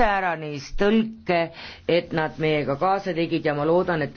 iseäranis tõlke, et nad meiega kaasa tegid ja ma loodan, et